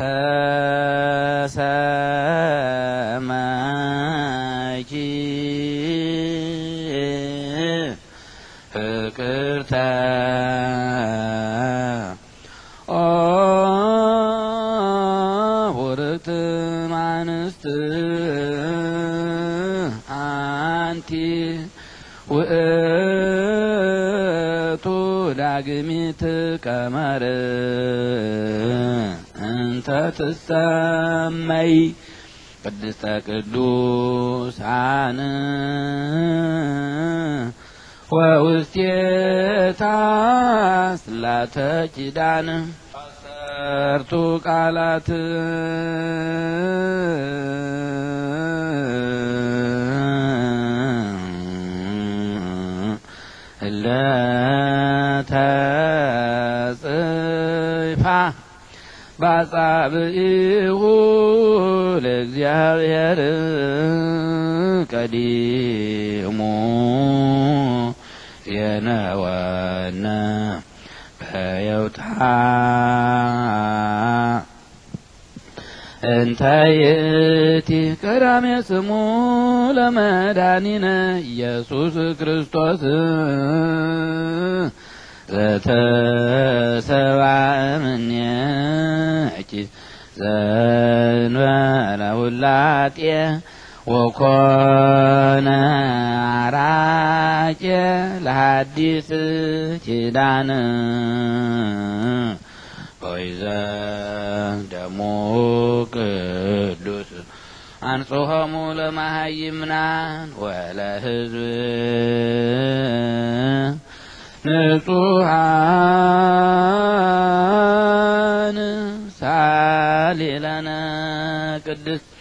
ተሰማኪ ፍቅርተ ወርቅት ማንስት አንቲ ውእ ዳግሚት ቀመር እንተ ትሰመይ ቅድስተ ቅዱሳን ወውስቴታ ስላተ ኪዳን አሰርቱ ቃላት እለ ተጽፋ ባጻብኢሁ ለእግዚአብሔር ቀዲሙ የነወነ በየውታ እንታየቲ ቀዳሜ ስሙ ለመዳኒነ ኢየሱስ ክርስቶስ ዘተሰባእምኔኪ ዘንበለ ውላጤ ወኮነ አራቄ ለሐዲስ ኪዳን ወይዘ ደሞ ቅዱስ አንጽሖሙ ለመሃይምናን ወለህዝብ ንጹሐን ሳሊላነ ቅድስት